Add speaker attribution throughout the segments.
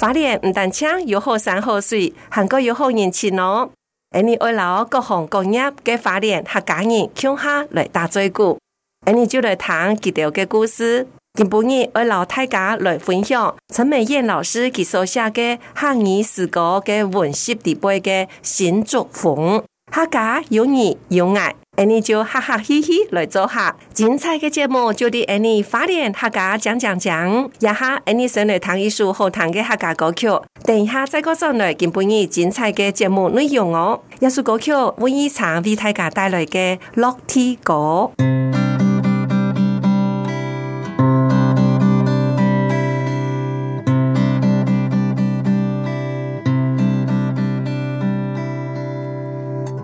Speaker 1: 花蓮不但青有好山好水，行過有好人情哦。而、欸、你愛老各行各業嘅花蓮，客家人鄉下來打嘴鼓。而、欸、你就來談幾條嘅故事。今半日，我老大家來分享陳美燕老師佢所寫嘅漢語詩歌嘅文學地位嘅新作風。客家有義有愛。哎，你就哈哈嘻嘻來坐下，精彩嘅節目就等哎你花蓮客家講講講，一下哎你先來彈一首好彈嘅客家歌曲，等一下再過上來，公布你精彩嘅節目內容哦。一首歌曲，我以唱為大家帶來嘅《樂天歌》。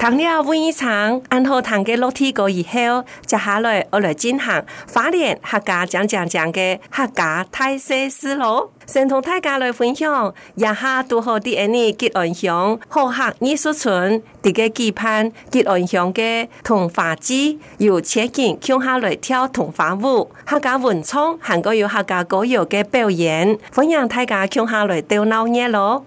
Speaker 1: 談了半場，然後談個樓梯個以後，接下來我來進行花蓮客家講講講嘅客家特色思路，先同大家來分享一下如後第二呢吉安鄉好客藝術村第個地盤吉安鄉嘅桐花祭，有且見鄉下來跳桐花舞。客家文創還個有客家歌謠嘅表演，歡迎大家鄉下來都鬧熱咯。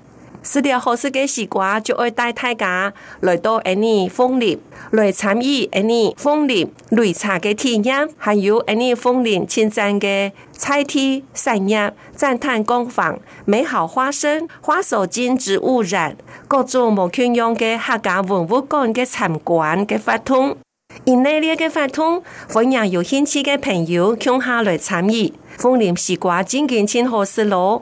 Speaker 1: 食了好食嘅西瓜，就愛帶大家來到安尼楓林來參與安尼楓林擂茶嘅體驗，還有安尼楓林青山嘅菜地山野讚嘆工坊、美好花生、花手巾、植物染，各種無菌用嘅客家文物館嘅參觀嘅活動。因呢呢嘅活動，歡迎有興趣嘅朋友，共下來參與楓林西瓜，真正恁好食囉。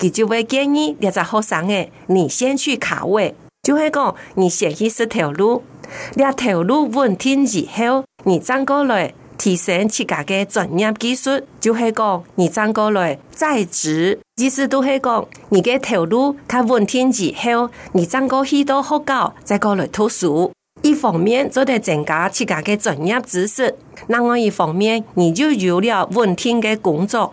Speaker 1: 佢就會建議二十學生誒，你先去考位，就係講你先去識條路，你條路穩定幾後，你轉過來提升自家的專業技術，就會講你轉過來在職，其實都會講你嘅條路，佮穩定幾後，你賺過許多好高，再過來讀書。一方面做得增加自家嘅專業知識，另外一方面你就有了穩定嘅工作。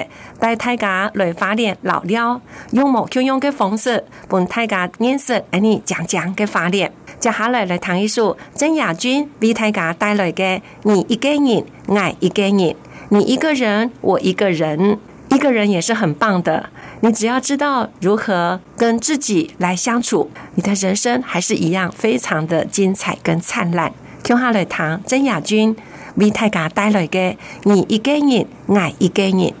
Speaker 1: 帶大家來發點老料，用木匠用嘅方式，幫大家認識安你講講給發點。接下來來彈一首曾雅君為大家帶來嘅《你一個人愛一個人》人，你一個人，我一個人，一個人也是很棒的。你只要知道如何跟自己來相處，你的人生還是一樣非常的精彩跟燦爛。聽好了唐曾雅君為大家帶來嘅《你一個人愛一個人》人。